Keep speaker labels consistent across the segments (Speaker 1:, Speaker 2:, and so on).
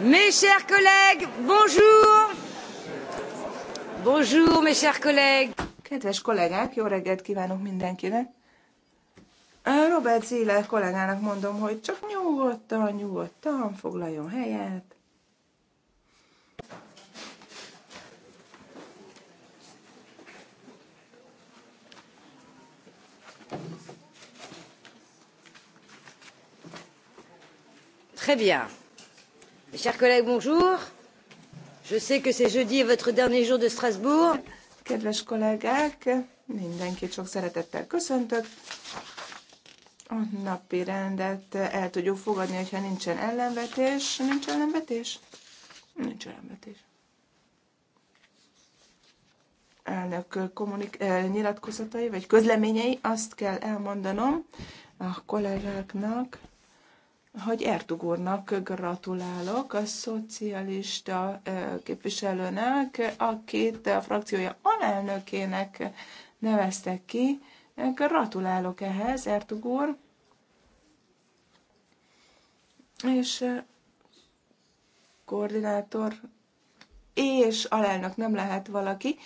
Speaker 1: Mes chers collègues, bonjour! Bonjour, mes chers collègues! Kedves kollégák, jó reggelt kívánok mindenkinek! Robert Ziller kollégának mondom, hogy csak nyugodtan, nyugodtan foglaljon helyet. Très bien chers collègues, bonjour. Je sais que c'est jeudi et votre dernier jour de Strasbourg. Kedves kollégák, mindenkit sok szeretettel köszöntök. A napi rendet el tudjuk fogadni, hogyha nincsen ellenvetés. Nincs ellenvetés? Nincs ellenvetés. Elnök kommunik- eh, nyilatkozatai vagy közleményei, azt kell elmondanom a kollégáknak, hogy Ertug úrnak gratulálok, a szocialista képviselőnek, akit a frakciója alelnökének neveztek ki. Gratulálok ehhez, Ertug úr. És koordinátor és alelnök nem lehet valaki,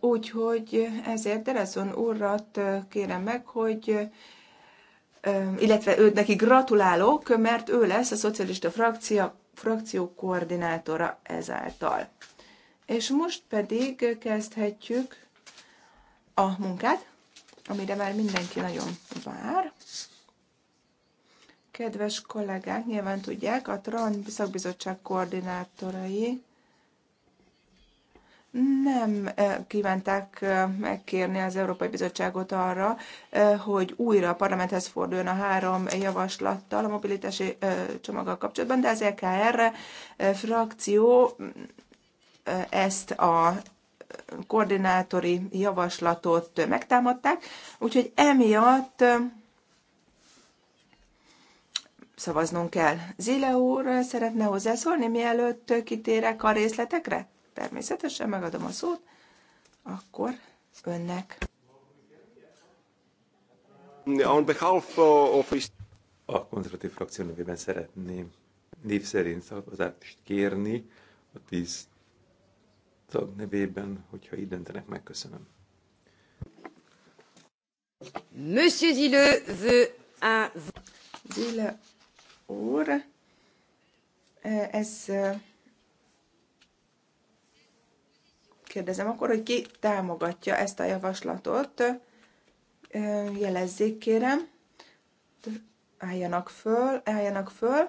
Speaker 1: úgyhogy ezért Derezon urat kérem meg, hogy illetve őt neki gratulálok, mert ő lesz a szocialista frakcia, frakció koordinátora ezáltal. És most pedig kezdhetjük a munkát, amire már mindenki nagyon vár. Kedves kollégák, nyilván tudják, a TRAN szakbizottság koordinátorai nem eh, kívánták eh, megkérni az Európai Bizottságot arra, eh, hogy újra a parlamenthez forduljon a három javaslattal a mobilitási csomaggal kapcsolatban, de az EKR frakció ezt a koordinátori javaslatot megtámadták, úgyhogy emiatt szavaznunk kell. Zile úr szeretne hozzászólni, mielőtt kitérek a részletekre? természetesen megadom a szót, akkor
Speaker 2: önnek. On behalf of a konzervatív frakció nevében szeretném név szerint szavazást kérni a tíz tag nevében, hogyha így döntenek, megköszönöm.
Speaker 1: Monsieur Zille veut un... Zille úr, ez kérdezem akkor, hogy ki támogatja ezt a javaslatot, jelezzék kérem, álljanak föl, álljanak föl.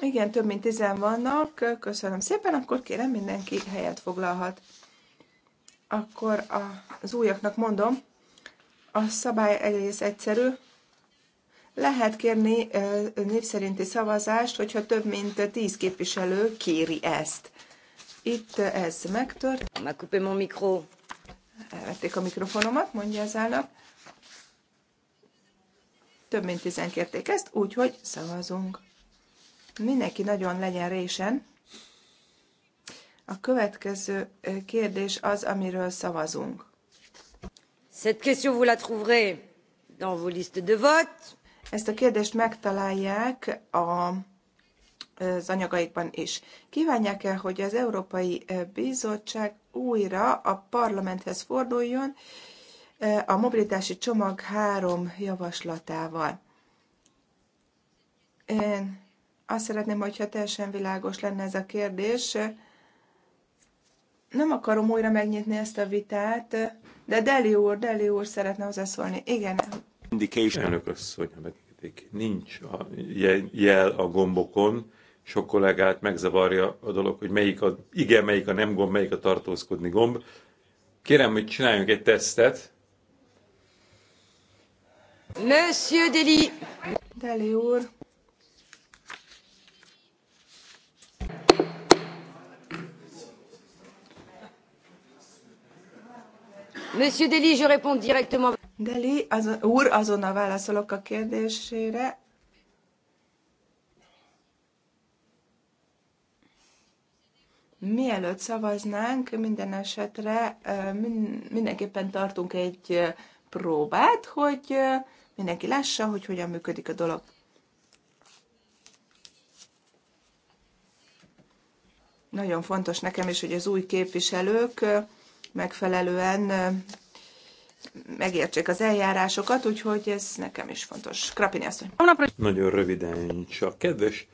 Speaker 1: Igen, több mint tizen vannak, köszönöm szépen, akkor kérem mindenki helyet foglalhat. Akkor az újaknak mondom, a szabály egész egyszerű, lehet kérni népszerinti szavazást, hogyha több mint tíz képviselő kéri ezt. Itt ez megtört. Ma coupé mon micro. Elvették a mikrofonomat, mondja az állam. Több mint tizen kérték ezt, úgyhogy szavazunk. Mindenki nagyon legyen résen. A következő kérdés az, amiről szavazunk. Cette question vous la trouverez dans vos listes de vote. Ezt a kérdést megtalálják a az anyagaikban is. Kívánják el, hogy az Európai Bizottság újra a parlamenthez forduljon a mobilitási csomag három javaslatával. Én azt szeretném, hogyha teljesen világos lenne ez a kérdés. Nem akarom újra megnyitni ezt a vitát, de Deli úr, Deli úr szeretne hozzászólni. Igen.
Speaker 2: Indication. Elnök asszony, Nincs a jel a gombokon, sok kollégát megzavarja a dolog, hogy melyik a igen, melyik a nem gomb, melyik a tartózkodni gomb. Kérem, hogy csináljunk egy tesztet.
Speaker 1: Monsieur Deli. Deli úr. Monsieur Deli, je réponds directement. Deli, az, úr, azonnal válaszolok a kérdésére. Mielőtt szavaznánk, minden esetre mindenképpen tartunk egy próbát, hogy mindenki lássa, hogy hogyan működik a dolog. Nagyon fontos nekem is, hogy az új képviselők megfelelően megértsék az eljárásokat, úgyhogy ez nekem is fontos. Krapini asszony.
Speaker 2: Nagyon röviden csak. Kedves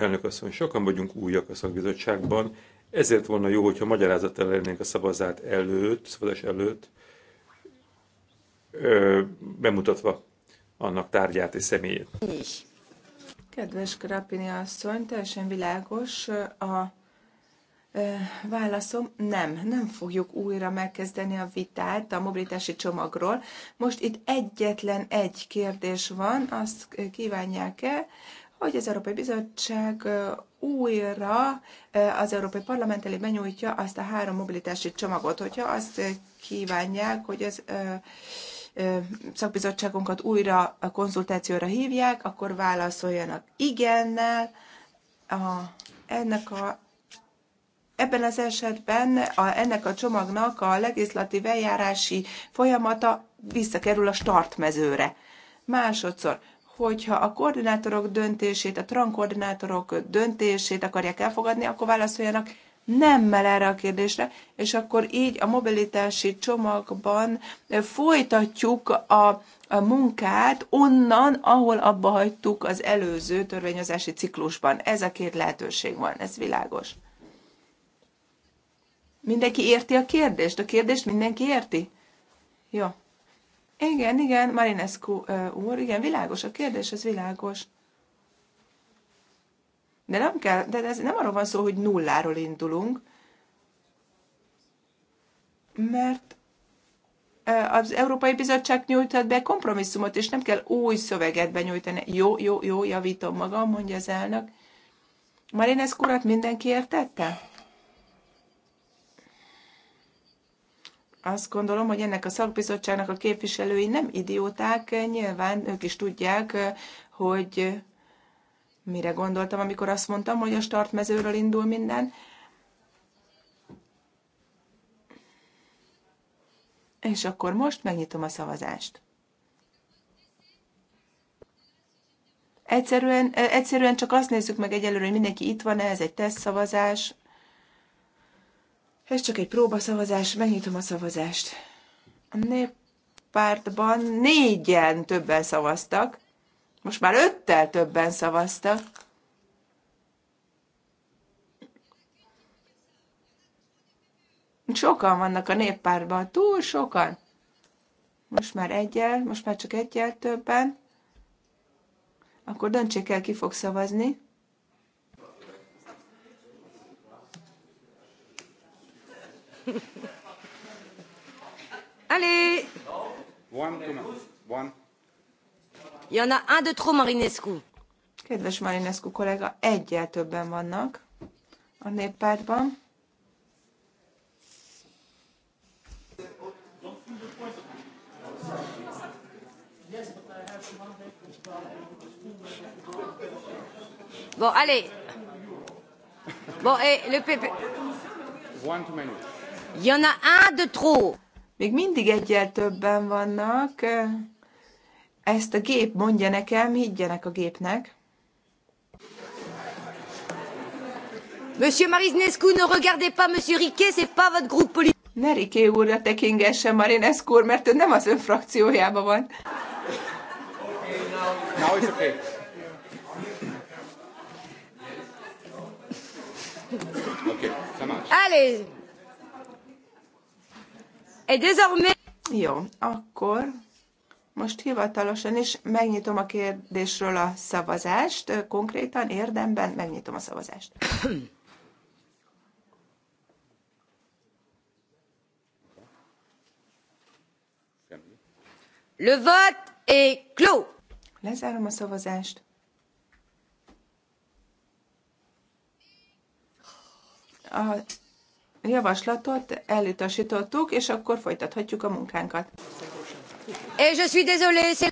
Speaker 2: Elnök asszony, sokan vagyunk újak a szakbizottságban, ezért volna jó, hogyha magyarázat lennénk a szavazát előtt, szavazás előtt, ö, bemutatva annak tárgyát és személyét.
Speaker 1: Kedves Krapini asszony, teljesen világos a Válaszom nem, nem fogjuk újra megkezdeni a vitát a mobilitási csomagról. Most itt egyetlen egy kérdés van, azt kívánják-e, hogy az Európai Bizottság újra az Európai Parlament elé benyújtja azt a három mobilitási csomagot, hogyha azt kívánják, hogy az szakbizottságunkat újra a konzultációra hívják, akkor válaszoljanak igennel. A, ennek a, ebben az esetben a, ennek a csomagnak a legislatív eljárási folyamata visszakerül a startmezőre. Másodszor, hogyha a koordinátorok döntését, a trankoordinátorok döntését akarják elfogadni, akkor válaszoljanak nemmel erre a kérdésre, és akkor így a mobilitási csomagban folytatjuk a, a munkát onnan, ahol abba hagytuk az előző törvényozási ciklusban. Ez a két lehetőség van, ez világos. Mindenki érti a kérdést? A kérdést mindenki érti? Jó. Ja. Igen, igen, Marinescu úr, igen, világos, a kérdés ez világos. De nem kell, de ez nem arról van szó, hogy nulláról indulunk, mert az Európai Bizottság nyújtott be kompromisszumot, és nem kell új szöveget benyújtani. Jó, jó, jó, javítom magam, mondja az elnök. Marinescu urat mindenki értette? azt gondolom, hogy ennek a szakbizottságnak a képviselői nem idióták, nyilván ők is tudják, hogy mire gondoltam, amikor azt mondtam, hogy a startmezőről indul minden. És akkor most megnyitom a szavazást. Egyszerűen, egyszerűen csak azt nézzük meg egyelőre, hogy mindenki itt van-e, ez egy teszt szavazás. Ez csak egy próbaszavazás, megnyitom a szavazást. A néppártban négyen többen szavaztak, most már öttel többen szavaztak. Sokan vannak a néppárban, túl sokan. Most már egyel, most már csak egyel többen. Akkor döntsék el, ki fog szavazni. Allez One, One. Il y en a un de trop, Marinescu. Kedves Marinescu kollega, egyel többen vannak a néppártban. Bon, allez. Bon, et le PP. One too many. Y en a un de trop. Még mindig egyel többen vannak. Ezt a gép mondja nekem, higgyenek a gépnek. Monsieur Marinescu, ne regardez pas Monsieur Riquet, c'est pas votre groupe politique. Ne Riquet úrra tekingesse Marinescu úr, mert ő nem az ön frakciójában van.
Speaker 2: Okay, now, now it's okay.
Speaker 1: okay, ça marche. Allez, Et désormais... Jó, akkor most hivatalosan is megnyitom a kérdésről a szavazást, konkrétan érdemben megnyitom a szavazást. Le vote est clos. Lezárom a szavazást. A javaslatot elutasítottuk, és akkor folytathatjuk a munkánkat. Eh,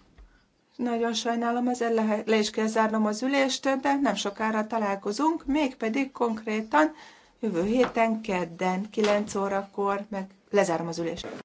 Speaker 1: nagyon sajnálom, ezzel le, le is kell zárnom az ülést, de nem sokára találkozunk, mégpedig konkrétan jövő héten, kedden, 9 órakor, meg lezárom az ülést.